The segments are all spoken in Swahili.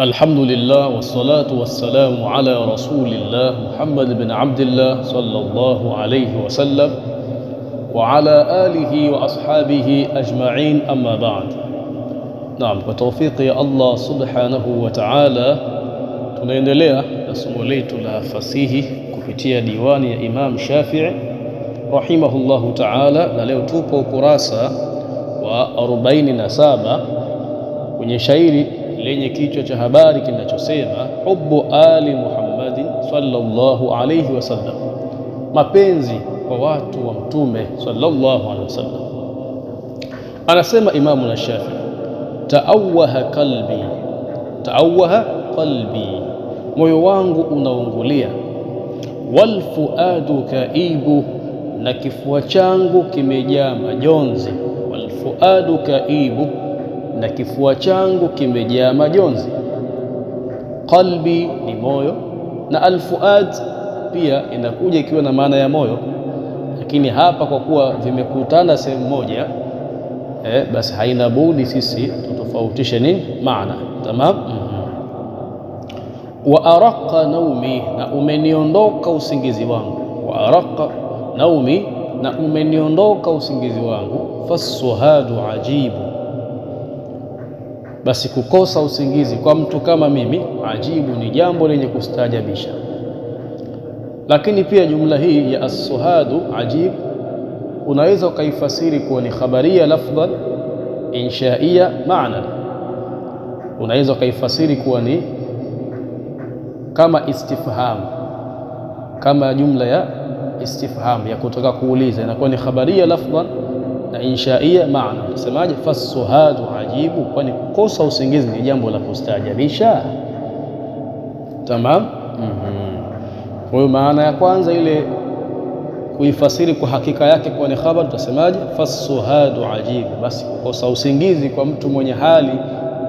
الحمد لله والصلاة والسلام على رسول الله محمد بن عبد الله صلى الله عليه وسلم وعلى آله وأصحابه أجمعين أما بعد نعم وتوفيق الله سبحانه وتعالى تنين ليه اسمه ليت الفسيح كفتي ديوان يا إمام شافع رحمه الله تعالى لليو توكو كراسة وأربين نسابة ونشيري lenye kichwa cha habari kinachosema hubbu ali Muhammadin sallallahu alayhi wasallam, mapenzi kwa watu wa mtume sallallahu alayhi wasallam. Anasema Imamu na Shafi, taawaha kalbi, taawaha qalbi, moyo wangu unaungulia, walfuadu kaibu, na kifua changu kimejaa majonzi, walfuadu kaibu na kifua changu kimejaa majonzi. Qalbi ni moyo na alfuad pia inakuja ikiwa na maana ya moyo, lakini hapa kwa kuwa vimekutana sehemu moja eh, basi haina budi sisi tutofautishe nini maana. Tamam. mm -hmm. wa araqa naumi, na umeniondoka usingizi wangu. Wa araqa naumi, na umeniondoka usingizi wangu. Fassuhadu ajibu basi kukosa usingizi kwa mtu kama mimi, ajibu, ni jambo lenye kustaajabisha. Lakini pia jumla hii ya assuhadu ajib unaweza ukaifasiri kuwa ni khabaria lafdhan, inshaia maana, unaweza ukaifasiri kuwa ni kama istifham, kama jumla ya istifham ya kutoka kuuliza, inakuwa ni khabaria lafdhan na inshaia maana unasemaje? Fasuhadu ajibu, kwani kukosa usingizi ni jambo la kustaajabisha. Tamam. mm -hmm. Kwa hiyo maana ya kwanza ile kuifasiri kwa hakika yake kuwa ni khabar, utasemaje? Fasuhadu ajibu, basi kukosa usingizi kwa mtu mwenye hali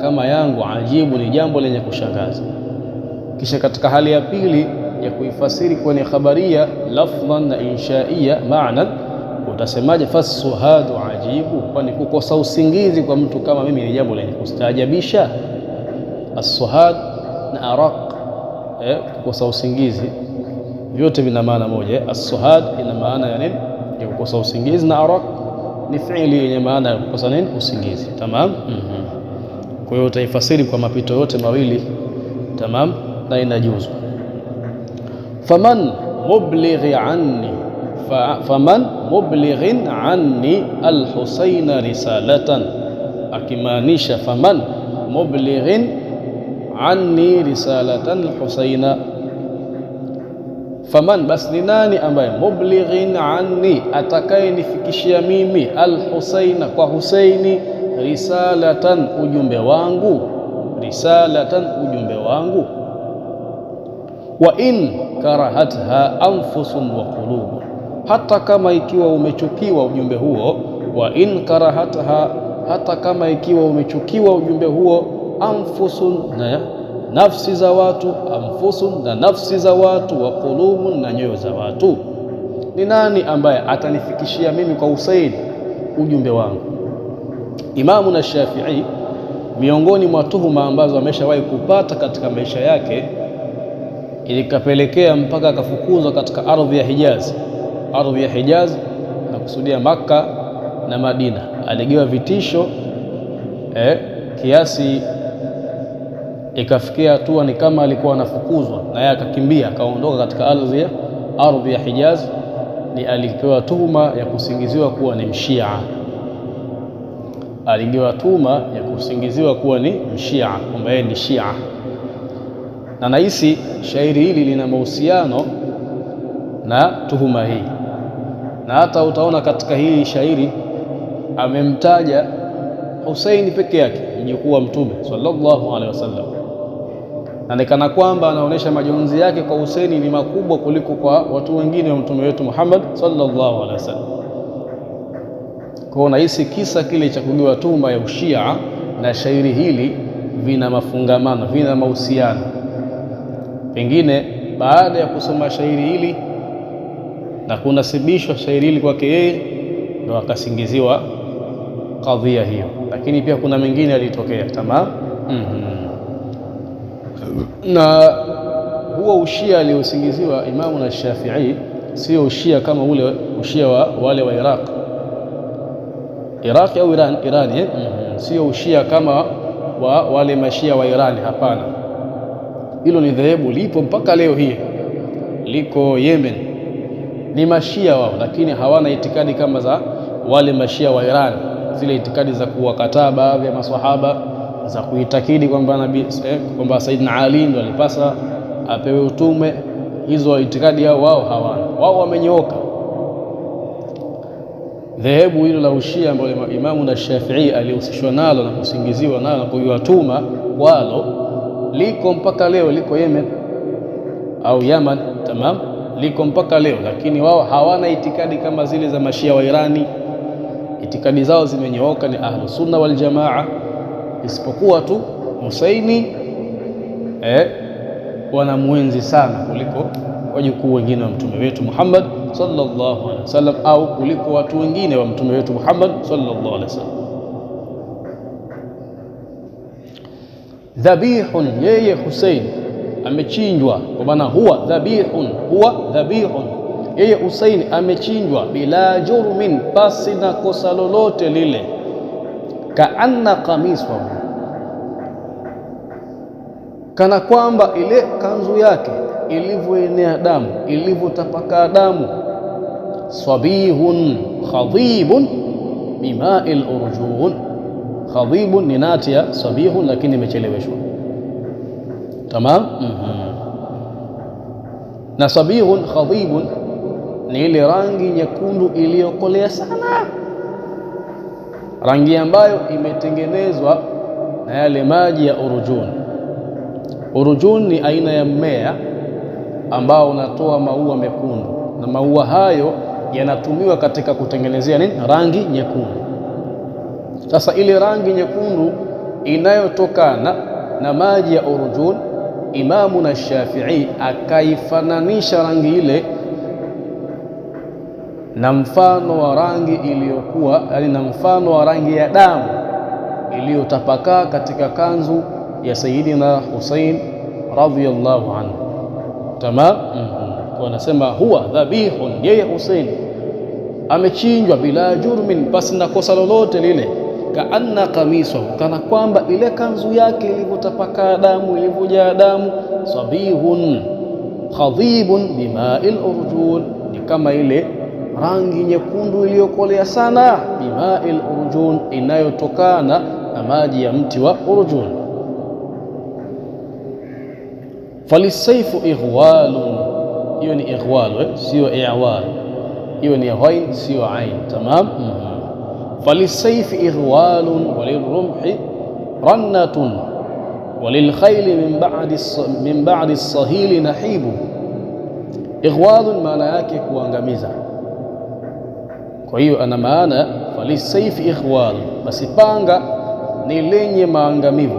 kama yangu, ajibu, ni jambo lenye kushangaza. Kisha katika hali ya pili ya kuifasiri kuwa ni khabaria lafdhan na inshaia maana utasemaje? Fasuhadu ajibu, kwani kukosa usingizi kwa mtu kama mimi ni jambo lenye kustaajabisha. Asuhad na araq eh, kukosa usingizi vyote vina maana moja. Asuhad ina maana ya nini? Ya kukosa usingizi, na araq ni fiili yenye maana ya kukosa nini? Usingizi. Tamam. mm -hmm. Kwa hiyo utaifasiri kwa mapito yote mawili tamam, na inajuzu faman mublighi anni faman mublighin anni alhusaina risalatan, akimaanisha faman mublighin anni risalatan alhusaina. Faman, basi ni nani ambaye mublighin anni, atakayenifikishia mimi alhusaina, kwa Husaini risalatan, ujumbe wangu, risalatan, ujumbe wangu wa in karahatha anfusun wa qulub hata kama ikiwa umechukiwa ujumbe huo, wa in karahataha, hata kama ikiwa umechukiwa ujumbe huo, anfusun na nafsi za watu, anfusun na nafsi za watu, wa qulubun na nyoyo za watu. Ni nani ambaye atanifikishia mimi kwa usaidi ujumbe wangu? Imamu na Shafi'i, miongoni mwa tuhuma ambazo ameshawahi kupata katika maisha yake ilikapelekea mpaka akafukuzwa katika ardhi ya Hijazi ardhi ya Hijaz na kusudia Makka na Madina. Aligewa vitisho eh, kiasi ikafikia hatua ni kama alikuwa anafukuzwa na yeye akakimbia akaondoka katika ardhi ya ardhi ya Hijaz. Ni alipewa tuhuma ya kusingiziwa kuwa ni mshia, aligewa tuhuma ya kusingiziwa kuwa ni mshia, kwamba yeye ni shia, na nahisi shairi hili lina mahusiano na tuhuma hii na hata utaona katika hili shairi amemtaja Hussein peke yake, mjukuu wa Mtume sallallahu alaihi wasallam, naonekana kwamba anaonyesha majonzi yake kwa Hussein ni makubwa kuliko kwa watu wengine wa mtume wetu Muhammad sallallahu alaihi wasallam. Kwao nahisi kisa kile cha kugawa tumba ya ushia na shairi hili vina mafungamano, vina mahusiano. Pengine baada ya kusoma shairi hili na kunasibishwa shairi hili kwake yeye, ndo akasingiziwa kadhia hiyo. Lakini pia kuna mengine yalitokea. tamaa. mm -hmm. na huo ushia aliosingiziwa Imamu na Shafi'i sio ushia kama ule ushia wa wale wa Iraq Iraq au Iran, Iran eh? mm -hmm. sio ushia kama wa wale mashia wa Iran. Hapana, hilo ni dhehebu lipo mpaka leo hii, liko Yemen ni mashia wao, lakini hawana itikadi kama za wale mashia wa Iran, zile itikadi za kuwakataa baadhi ya maswahaba za kuitakidi kwamba nabii eh, kwamba Saidina Ali ndo alipasa apewe utume. Hizo itikadi yao wao hawana, wao wamenyooka. Dhehebu hilo la ushia ambalo Imamu na Shafii alihusishwa nalo na kusingiziwa nalo na kuiwatuma walo, liko mpaka leo, liko Yemen au Yaman, tamam liko mpaka leo, lakini wao hawana itikadi kama zile za mashia wa Irani. Itikadi zao zimenyooka, ni ahlusunna jamaa, isipokuwa tu Husaini eh, mwenzi sana kuliko wajukuu wengine wa mtume wetu Muhammad sallallahu alaihi wasallam, au kuliko watu wengine wa mtume wetu Muhammad sallallahu alaihi wasallam. Dhabihun, yeye Husaini amechinjwa, kwa maana huwa dhabihun, huwa dhabihun, yeye Husaini amechinjwa bila jurmin, pasi na kosa lolote lile, kaanna qamiswahu, kana kwamba ile kanzu yake ilivyoenea damu, ilivyotapakaa damu, sabihun khadhibun bima'il urjun. Khadhibun ni sabihun, lakini imecheleweshwa Tamam. mm -hmm. Na sabihun khadibun ni ile rangi nyekundu iliyokolea sana, rangi ambayo imetengenezwa na yale maji ya urujun. Urujun ni aina ya mmea ambao unatoa maua mekundu, na maua hayo yanatumiwa katika kutengenezea nini? Rangi nyekundu. Sasa ile rangi nyekundu inayotokana na maji ya urujuni Imamu na Shafi'i akaifananisha rangi ile na mfano wa rangi iliyokuwa yaani, na mfano wa rangi ya damu iliyotapakaa katika kanzu ya Sayyidina Hussein radhiyallahu anhu. Tamam, mhm. wanasema huwa dhabihun, yeye Hussein amechinjwa bila jurmin, basi na kosa lolote lile kaanna kamisahu, kana kwamba ile kanzu yake ilivyotapakaa damu, ilivyojaa damu. Sabihun khadhibun bima'il urjun, ni kama ile rangi nyekundu iliyokolea sana. Bima'il urjun, inayotokana na maji ya mti wa urjun. Falisaifu ighwalun, hiyo ni ighwal, eh? sio i'wal, hiyo ni ghain, sio ain. Tamam. Mhm. فللسيف إغوال وللرمح رنة وللخيل من بعد من بعد الصهيل نحيب إغوال ما نأكك وانغميزا كويو أنا ما أنا فللسيف إغوال بس بانغا نيلين ما انغميبو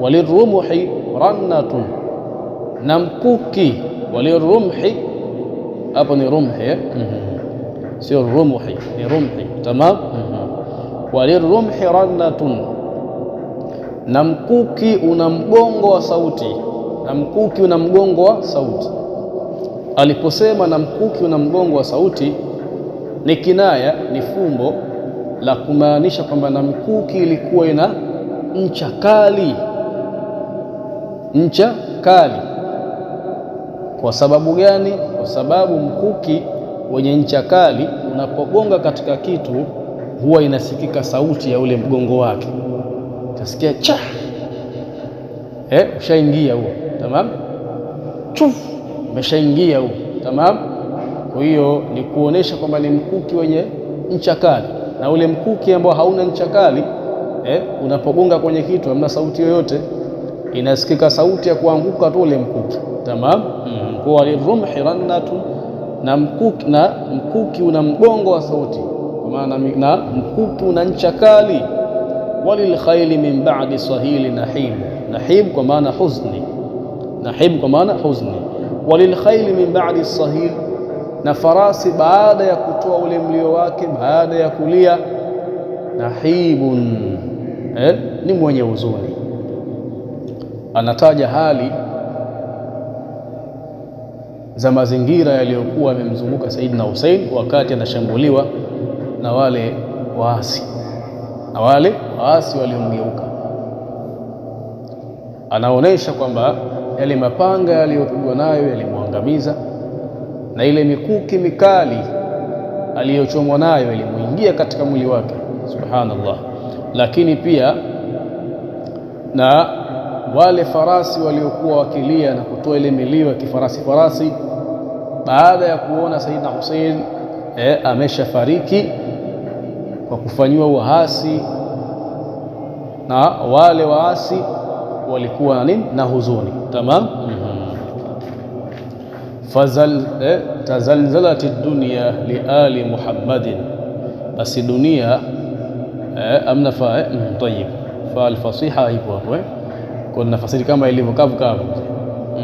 وللرمح رنة نمكوكي وللرمح أبني رمح sio rumhi, ni rumhi. Tamam. Walirumhi rannatun na mkuki una mgongo wa sauti. Na mkuki una mgongo wa sauti. Aliposema na mkuki una mgongo wa sauti, ni kinaya, ni fumbo la kumaanisha kwamba na mkuki ilikuwa ina ncha kali, ncha kali. Kwa sababu gani? Kwa sababu mkuki wenye ncha kali unapogonga katika kitu huwa inasikika sauti ya ule mgongo wake, utasikia cha eh, ushaingia huo, tamam, chuf, umeshaingia huo, tamam. Kwa hiyo ni kuonesha kwamba ni mkuki wenye ncha kali, na ule mkuki ambao hauna ncha kali eh, unapogonga kwenye kitu hamna sauti yoyote, inasikika sauti ya kuanguka tu ule mkuki, tamam. mm. kwa lirumhi na mkuki, na mkuki una mgongo wa sauti, kwa maana na mkuki una ncha kali. Walilkhaili min ba'di sahili nahib, nahib kwa maana huzni, nahib kwa maana huzni. Walilkhaili min ba'di sahil, na farasi baada ya kutoa ule mlio wake, baada ya kulia nahibun, eh, ni mwenye huzuni. Anataja hali za mazingira yaliyokuwa yamemzunguka Saidina Hussein wakati anashambuliwa na wale waasi na wale waasi waliomgeuka. Anaonyesha kwamba yale mapanga yaliyopigwa nayo yalimwangamiza na ile mikuki mikali aliyochomwa nayo ilimuingia katika mwili wake, subhanallah, lakini pia na wale farasi waliokuwa wakilia na kutoa ile milio ya kifarasi farasi, baada ya kuona Saidina Hussein eh, ameshafariki kwa kufanyiwa uhasi na wale waasi walikuwa na nini na huzuni tamam. mm -hmm. Fazal eh, tazalzalat dunya li ali Muhammadin, basi dunia eh, amna fa eh, mm, tayyib fa alfasiha, ipo hapo eh kwa nafasiri kama ilivyo kavu kavu. mm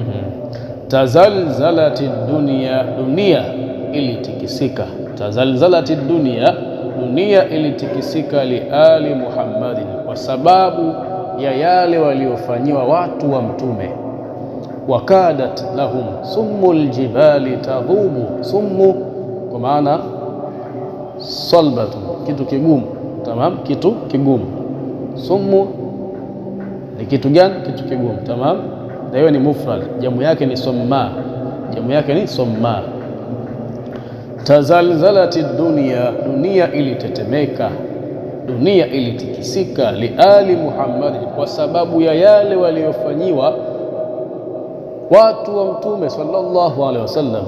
-hmm. Tazalzalati dunia, dunia ilitikisika. Tazalzalati dunia, dunia ilitikisika. Liali Muhammadin, kwa sababu ya yale waliofanyiwa watu wa Mtume. Wakadat lahum summu ljibali tadhubu, summu kwa maana salbatu kitu kigumu. Tamam, kitu kigumu, summu ni kitu gani? Kitu kigumu. Tamam, na hiyo ni mufrad, jamu yake ni somma, jamu yake ni somma. Tazalzalati dunia, dunia ilitetemeka, dunia ilitikisika. ali Muhammadi, kwa sababu ya yale waliofanyiwa watu wa Mtume sallallahu alaihi wasallam.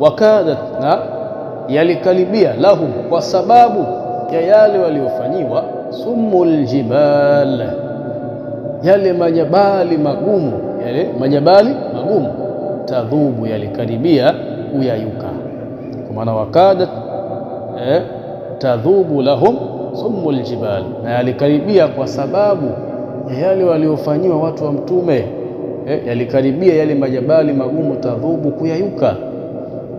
Wakadat, na yalikaribia, lahum, kwa sababu ya yale waliofanyiwa, sumul jibal yale majabali magumu, yale majabali magumu tadhubu, yalikaribia kuyayuka. Kwa maana wakada eh, tadhubu lahum sumu jibal, na yalikaribia kwa sababu ya yale waliofanyiwa watu wa Mtume eh, yalikaribia yale majabali magumu tadhubu kuyayuka.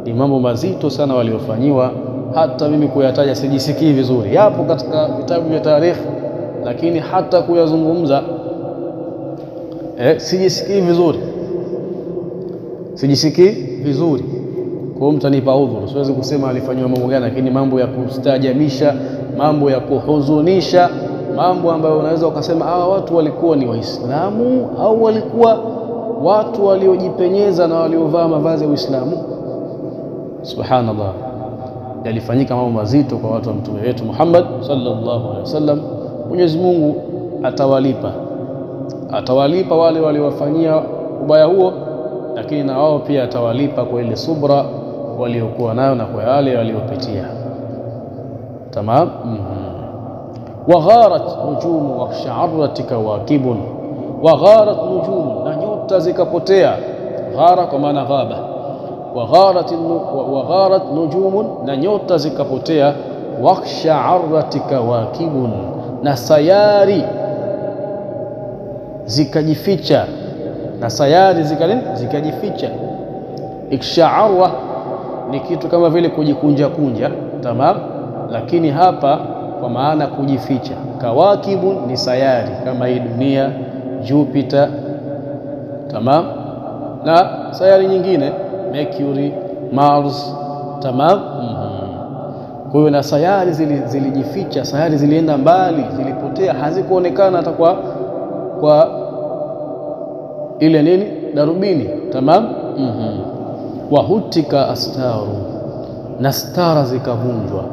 Ni mambo mazito sana waliofanyiwa, hata mimi kuyataja sijisikii vizuri, yapo katika vitabu vya tarikhi, lakini hata kuyazungumza eh, sijisikii vizuri, sijisikii vizuri. Kwa mtu anipa udhu. siwezi kusema alifanyiwa mambo gani, lakini mambo ya kustajabisha, mambo ya kuhuzunisha, mambo ambayo unaweza ukasema hawa watu walikuwa ni Waislamu au walikuwa watu waliojipenyeza na waliovaa mavazi ya Uislamu. Subhanallah, yalifanyika mambo mazito kwa watu wa mtume wetu Muhammad sallallahu alaihi wasallam. Mwenyezi Mungu atawalipa atawalipa wale waliowafanyia ubaya huo, lakini na wao pia atawalipa kwa ile subra waliokuwa nayo na kwa yale waliopitia. Tamam. mm -hmm. wagharat nujumu washaarat kawakibun, wagharat nujumu, na nyota zikapotea. Ghara kwa maana ghaba. Wagharat nujumu na nyota zikapotea. sha'arat kawakibun, na sayari zikajificha na sayari zikani zikajificha. Ikshaarwa ni kitu kama vile kujikunja kunja, tamam, lakini hapa kwa maana kujificha. Kawakibu ni sayari kama hii dunia, Jupiter, tamam, na sayari nyingine Mercury, Mars, tamam. Mhm. Kwa hiyo na sayari zilijificha, zili sayari zilienda mbali, zilipotea, hazikuonekana hata kwa kwa ile nini darubini, tamam. mm -hmm. wahutika astaru, na stara zikavunjwa,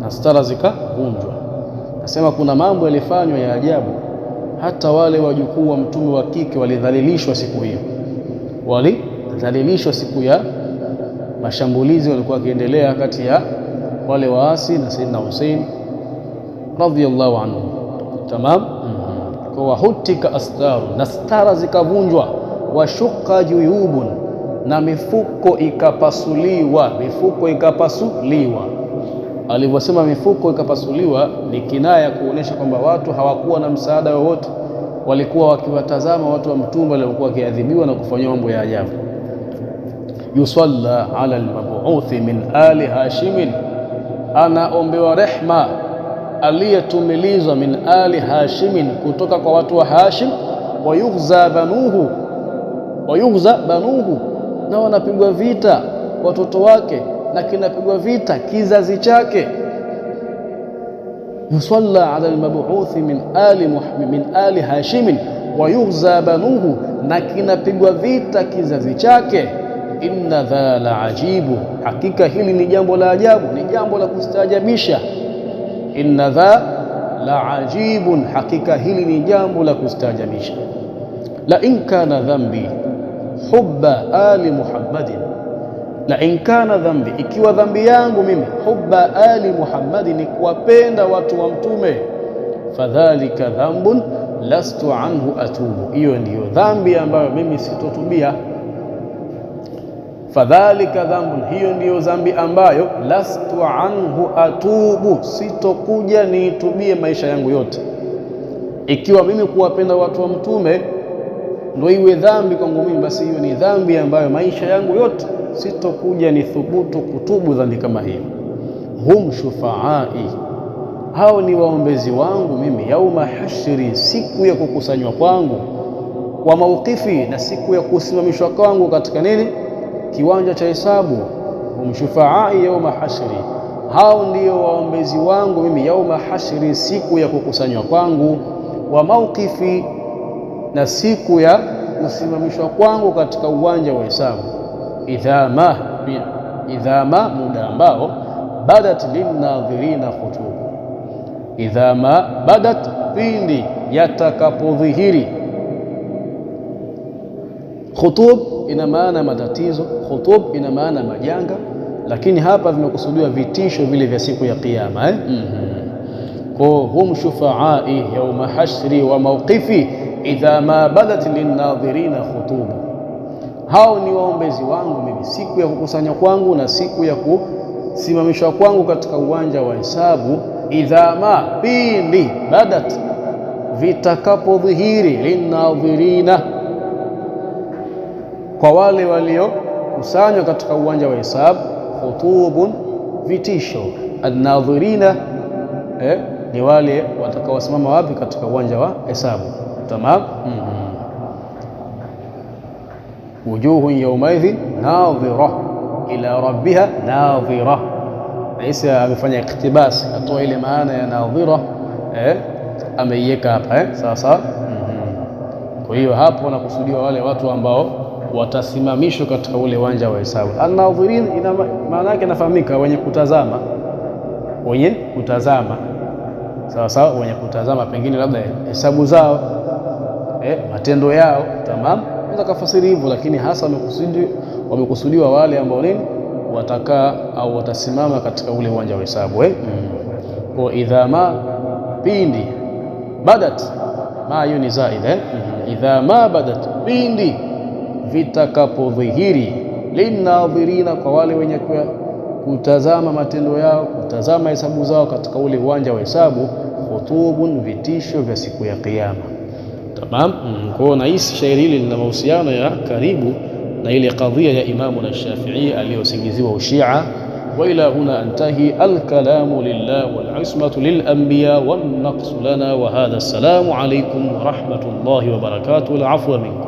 na stara zikavunjwa. Nasema kuna mambo yalifanywa ya ajabu, hata wale wajukuu wa mtume wa kike walidhalilishwa siku hiyo, walidhalilishwa siku ya mashambulizi walikuwa wakiendelea kati ya wale waasi na Saidina Husein radhiyallahu anhu, tamam wahutika astaru, na stara zikavunjwa, washuka juyubun, na mifuko ikapasuliwa. Mifuko ikapasuliwa, alivyosema mifuko ikapasuliwa ni kinaya kuonesha kwamba watu hawakuwa na msaada wowote, walikuwa wakiwatazama watu wa mtumba waliokuwa wakiadhibiwa na kufanyiwa mambo ya ajabu. Yusalla ala almabuuthi min ali hashimin, anaombewa rehma aliyetumilizwa min ali Hashimin, kutoka kwa watu wa Hashim. Wayughza banuhu, wayughza banuhu, na wanapigwa vita watoto wake na kinapigwa vita kizazi chake. Yusalla ala almabuthi min ali min ali Hashimin wayughza banuhu, na kinapigwa vita kizazi chake. Inna dha la ajibu, hakika hili ni jambo la ajabu, ni jambo la kustaajabisha inna dha la ajibun, hakika hili ni jambo la kustaajabisha. La in kana dhambi hubba ali muhammadin, la in kana dhambi, ikiwa dhambi yangu mimi, hubba ali muhammadin, ni kuwapenda watu wa Mtume, fadhalika dhambun lastu anhu atubu, hiyo ndiyo dhambi ambayo mimi sitotubia fadhalika dhambu hiyo ndiyo dhambi ambayo lastu anhu atubu, sitokuja niitubie maisha yangu yote. Ikiwa mimi kuwapenda watu wa Mtume ndio iwe dhambi kwangu mimi, basi hiyo ni dhambi ambayo maisha yangu yote sitokuja nithubutu kutubu dhambi kama hiyo. Hum shufaai, hao ni waombezi wangu mimi, yauma hashri, siku ya kukusanywa kwangu, wa mauqifi, na siku ya kusimamishwa kwangu katika nini kiwanja cha hesabu. Hum shufaai yauma hashri, hao ndio waombezi wangu mimi yauma hashri, siku ya kukusanywa kwangu, wa mauqifi, na siku ya kusimamishwa kwangu katika uwanja wa hesabu. Idhama, idhama, muda ambao badat lilnadhirina khutubu idhama badat, pindi yatakapodhihiri khutub ina maana matatizo, khutub ina maana majanga, lakini hapa vimekusudiwa vitisho vile vya siku ya Kiyama eh? mm -hmm. ko hum shufaai yauma hashri wa mawqifi idha ma badat linnadhirina khutub hao ni waombezi wangu mimi siku ya kukusanya kwangu na siku ya kusimamishwa kwangu katika uwanja wa hesabu. Idha ma pindi badat, vitakapodhihiri linnadhirina kwa wale waliokusanywa katika uwanja wa hisabu. Khutubun, vitisho. Alnadhirina eh, ni wale watakaosimama wapi? Katika uwanja wa hesabu. Tamam. mm -hmm. Wujuhun yaumaidhin nadhira ila rabbiha nadhira. Isa amefanya iktibasi, atoa ile maana ya nadhira eh, ameiweka hapa eh. Sasa mm -hmm. Kwa hiyo hapo wanakusudia wale watu ambao watasimamishwa katika ule uwanja wa hesabu. an ina maana yake inafahamika, wenye kutazama, wenye kutazama sawa sawa, wenye kutazama pengine labda hesabu zao eh, matendo yao, tamam, unaweza kafasiri hivyo, lakini hasa wamekusudiwa wamekusudiwa wale ambao nini watakaa au watasimama katika ule uwanja wa hesabu eh? Mm. Kwa idha ma pindi badat ma hiyo ni zaida eh? Mm -hmm. Idha ma badat pindi vitakapodhihiri linadhirina, kwa wale wenye kutazama matendo yao, kutazama hesabu zao katika ule uwanja wa hesabu, khutubun, vitisho vya siku ya Kiyama. Tamam. Kwa nahisi shairi hili lina mahusiano ya karibu na ile kadhia ya Imamu na Shafii aliyosingiziwa ushia. وإلى هنا أنتهي الكلام لله والعصمة للأنبياء والنقص لنا وهذا السلام عليكم ورحمة الله وبركاته العفو منكم